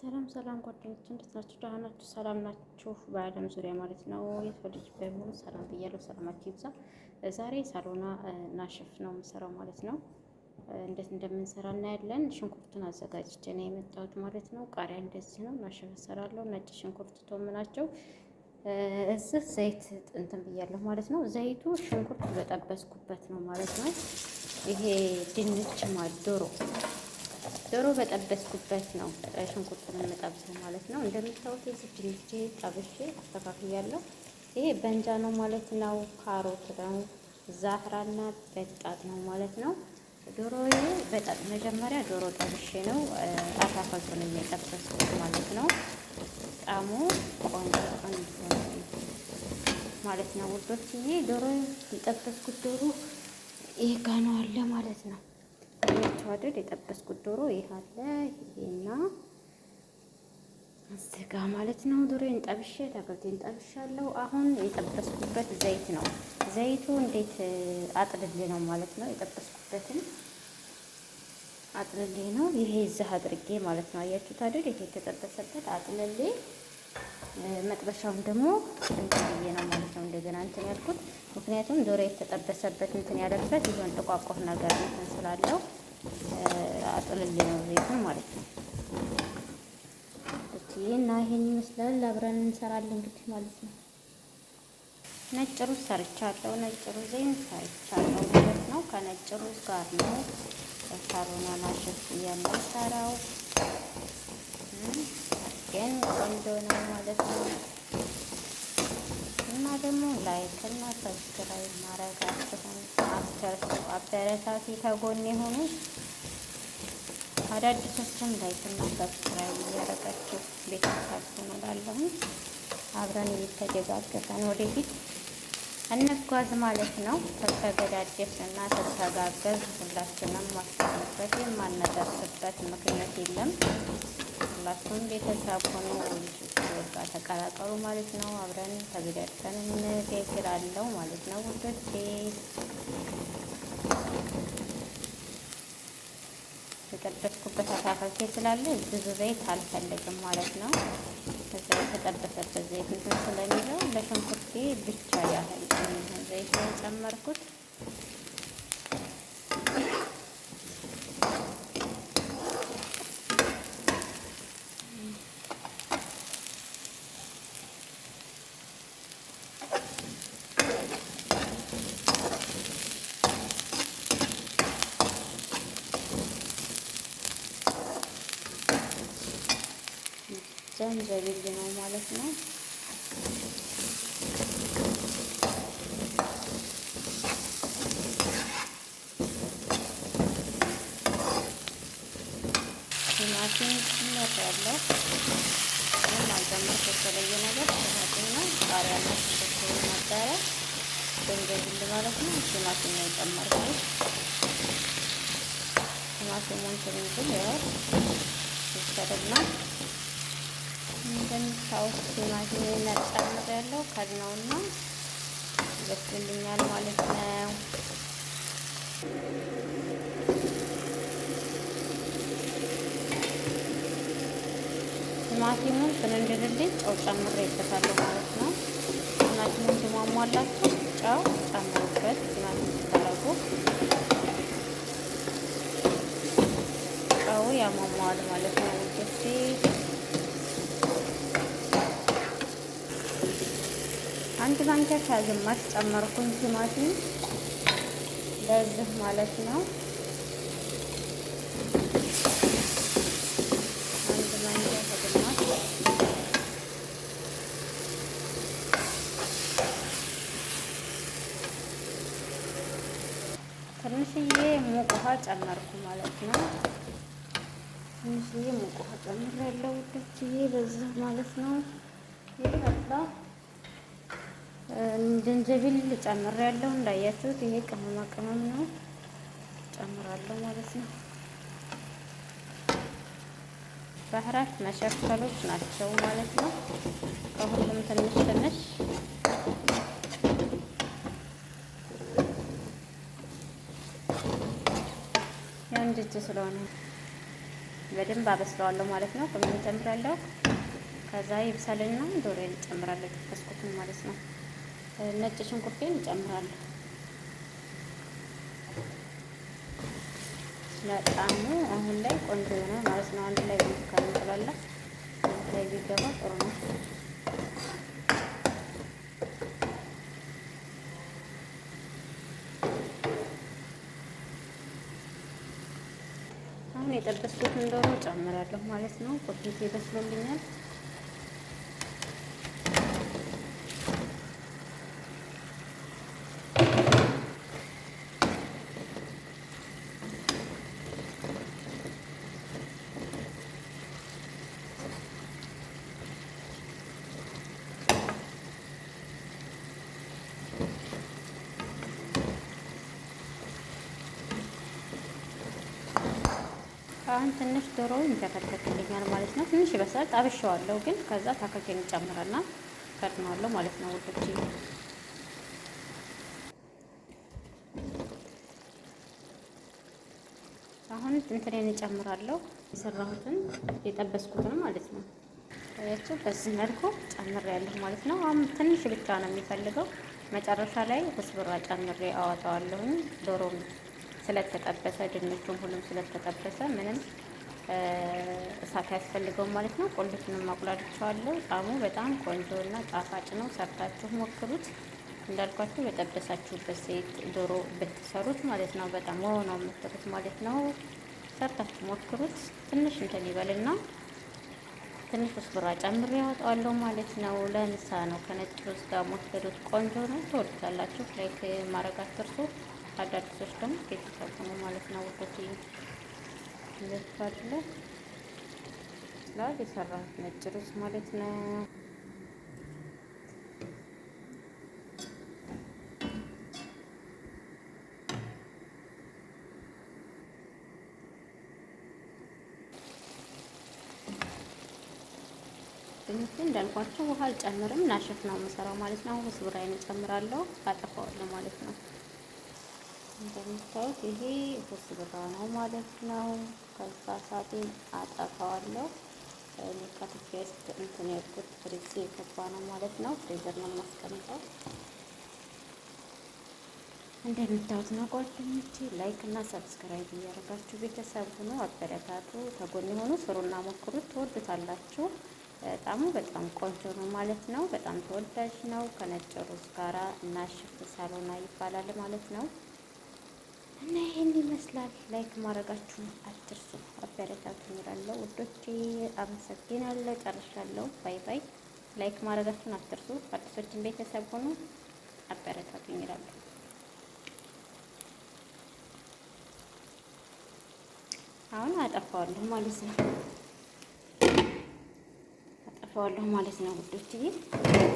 ሰላም ሰላም ጓደኞች እንዴት ናችሁ? ደህና ናችሁ? ሰላም ናችሁ? በዓለም ዙሪያ ማለት ነው የሰው ልጅ በሙሉ ሰላም ብያለሁ። ሰላማችሁ ይብዛ። ዛሬ ሳሎና ናሽፍ ነው የምሰራው ማለት ነው። እንዴት እንደምንሰራ እናያለን። ሽንኩርቱን አዘጋጅቼ ነው የመጣሁት ማለት ነው። ቃሪያ እንደዚህ ነው ናሽፍ እሰራለሁ። ነጭ ሽንኩርት ቶም ናቸው። እዚህ ዘይት እንትን ብያለሁ ማለት ነው። ዘይቱ ሽንኩርት በጠበስኩበት ነው ማለት ነው። ይሄ ድንች ማዶሮ ዶሮ በጠበስኩበት ነው ሽንኩርቱን የምጠብሰው ማለት ነው። እንደምታዩት የዚህ ድንች ጠብሼ አስተካክያለሁ። ይሄ በእንጃ ነው ማለት ነው። ካሮት ነው፣ ዛህራና በጣት ነው ማለት ነው። ዶሮ በጣም መጀመሪያ ዶሮ ጠብሼ ነው አሳፈልቱን የጠበስኩት ማለት ነው። ጣሙ ቆንጆ ማለት ነው ውዶችዬ። ዶሮ የጠበስኩት ዶሮ ይህ ጋር ነው አለ ማለት ነው። አያችሁ አይደል? የጠበስኩት ዶሮ ይሄ አለ ይሄና እዚህ ማለት ነው። ዶሮን ጠብሼ አታክልቴን ጠብሻለሁ። አሁን የጠበስኩበት ዘይት ነው። ዘይቱ እንዴት አጥልሌ ነው ማለት ነው። የጠበስኩበትን አጥልሌ ነው። ይሄ እዚህ አድርጌ ማለት ነው። አያችሁት አይደል? ይሄ የተጠበሰበት አጥልሌ መጥበሻውን ደግሞ እንትን ነው ማለት ነው። እንደገና እንትን ያልኩት ምክንያቱም ዶሮ የተጠበሰበት እንትን ያለበት ይሆን ጥቋቁር ነገር እንትን ስላለው አጥልል ነው ዘይቱን ማለት ነው። እቺ እና ይሄን ይመስላል አብረን እንሰራለን እንግዲህ ማለት ነው። ነጭ ሩዝ ሰርቻለሁ። ነጭ ሰርቻለሁ ማለት ነው። ከነጭ ሩዝ ጋር ነው ካሮናና ግን ቆንጆ ነው ማለት ነው። እና ደግሞ ላይክ እና ሰብስክራይብ ማድረጋችሁን አትርሱ። አበረታቲ ከጎን የሆኑ አዳዲሶችን ላይክ እና ሰብስክራይብ እያደረጋችሁ ቤተሰባችሁ እላለሁኝ። አብረን እየተደጋገፈን ወደፊት እንጓዝ ማለት ነው። ተተገዳጀስ እና ተተጋገዝ ሁላችንም ማስቀምበት የማንደርስበት ምክንያት የለም። ያላችሁን ቤተሰብ ሆኖ ልጆች ጋር ተቀላቀሉ ማለት ነው። አብረን ተዘጋጅተን እንጋግራለን ማለት ነው ውዶቼ። የተጠበስኩበት አሳፈርቴ ስላለ ብዙ ዘይት አልፈልግም ማለት ነው። እዛ የተጠበሰበት ዘይት እንትን ስለሚለው ለሽንኩርቴ ብቻ ያህል ዘይት ጨመርኩት። ዘንዘቢል ነው ማለት ነው። ቲማቲም ጭምር ያለው ምንም የተለየ ነገር ቲማቲምና ቃሪያ ሽንኩርት ነበረ ዘንዘቢል ማለት ነው። ቲማቲም ነው የጨመርኩት። ቲማቲሙን ትንንትን ያው ይሰድና እንደምታውቁት ቲማቲም ነጣምር ያለው ከድነውና ይበስልልኛል ማለት ነው። ቲማቲሙን ስለእንድልልኝ ጨው ጨምሬበታለሁ ማለት ነው። ቲማቲሙ እንዲሟሟላችሁ ጨው ጨምሩበት። ቲማቲም ስታረጉ ጨው ያሟሟዋል ማለት ነው ውዶቼ። አንድ ማንኪያ ከግማሽ ጨመርኩኝ ቲማቲም በዚህ ማለት ነው። አንድ ማንኪያ ከግማሽ ትንሽዬ ሙቅ ውሃ ጨመርኩ ማለት ነው። ትንሽዬ ሙቅ ውሃ ጨምሬያለሁ ውዶችዬ በዚህ ማለት ነው። ይህ ዝንጅብል ያለው እንዳያችሁት ይሄ ቅመማ ቅመም ነው፣ ጨምራለሁ ማለት ነው። ባህራት መሸፈሎች ናቸው ማለት ነው። ከሁሉም ትንሽ ትንሽ የአንድ እጅ ስለሆነ በደንብ አበስለዋለሁ ማለት ነው። ከምን ጨምራለሁ? ከዛ ይብሰልና ዶሮን ጨምራለሁ፣ ተከስኩትን ማለት ነው። ነጭ ሽንኩርቴን እጨምራለሁ። ለጣሙ አሁን ላይ ቆንጆ ሆነ ማለት ነው። አንድ ላይ ካንጠላላ አንድ ላይ ቢገባ ጥሩ ነው። አሁን የጠበስኩትን ዶሮ ጨምራለሁ ማለት ነው። ቆንጆ በስሎልኛል። አሁን ትንሽ ዶሮ ይንተከተክልኛል ማለት ነው። ትንሽ ይበስላል። ጣብሻዋለሁ ግን ከዛ ታከክ ጨምረና ፈጥነዋለሁ ማለት ነው ውዶቼ። አሁን እንትኔን እጨምራለሁ የሰራሁትን የጠበስኩትን ማለት ነው። ያቸው በዚህ መልኩ ጨምሬያለሁ ማለት ነው። አሁን ትንሽ ብቻ ነው የሚፈልገው። መጨረሻ ላይ ኮስብራ ጨምሬ አወጣዋለሁኝ ዶሮ ስለተጠበሰ ድንቹም ሁሉም ስለተጠበሰ ምንም እሳት ያስፈልገው ማለት ነው። ቁልቱንም አቁላልቸዋለሁ። ጣሙ በጣም ቆንጆ እና ጣፋጭ ነው። ሰርታችሁ ሞክሩት። እንዳልኳችሁ በጠበሳችሁበት ሴት ዶሮ ብትሰሩት ማለት ነው። በጣም ሆኖ የምትሉት ማለት ነው። ሰርታችሁ ሞክሩት። ትንሽ እንትን ይበልና ትንሽ ውስብራ ጨምሬ ያወጣዋለሁ ማለት ነው። ለንሳ ነው ከነጭ ሩዝ ጋር ሞክሩት። ቆንጆ ነው። ትወዱታላችሁ። ላይክ ማድረግ አትርሱ። አዳዲሶች ደግሞ ቤተሰብ ሆኖ ማለት ነው። ወጥቶ ይዘፋለ ላይ የሰራት ነጭ ሩዝ ማለት ነው። ድንቹ እንዳልኳቸው ውሃ አልጨምርም። ናሽፍ ነው የምሰራው ማለት ነው። ስብራይን እጨምራለሁ አጠፋዋለሁ ማለት ነው። እንደምታዩት ይሄ ብስብራ ነው ማለት ነው። ከዛ ሳጥን አጠፋዋለሁ ከትፌ ፌስት እንትን ያልኩት ፍሪዝ የገባ ነው ማለት ነው። ፍሬዘር ነው የማስቀምጠው። እንደምታዩት ነው ጓደኞቼ። ላይክ እና ሰብስክራይብ እያደረጋችሁ ቤተሰብ ሆኖ አበረታቱ፣ ከጎን የሆኑ ስሩና ሞክሩት፣ ትወዱታላችሁ። በጣም በጣም ቆንጆ ነው ማለት ነው። በጣም ተወዳጅ ነው። ከነጭ ሩዝ ጋራ እና ሽፍት ሳሎና ይባላል ማለት ነው። እና ይህን ይመስላል። ላይክ ማድረጋችሁ አትርሱ። አበረታቱ እላለሁ ውዶቼ። አመሰግናለሁ። ጨርሻለሁ። ባይ ባይ። ላይክ ማድረጋችሁን አትርሱ። አዲሶችን ቤተሰብ ሁኑ። አበረታቱ እላለሁ። አሁን አጠፋዋለሁ ማለት ነው። አጠፋዋለሁ ማለት ነው ውዶቼ።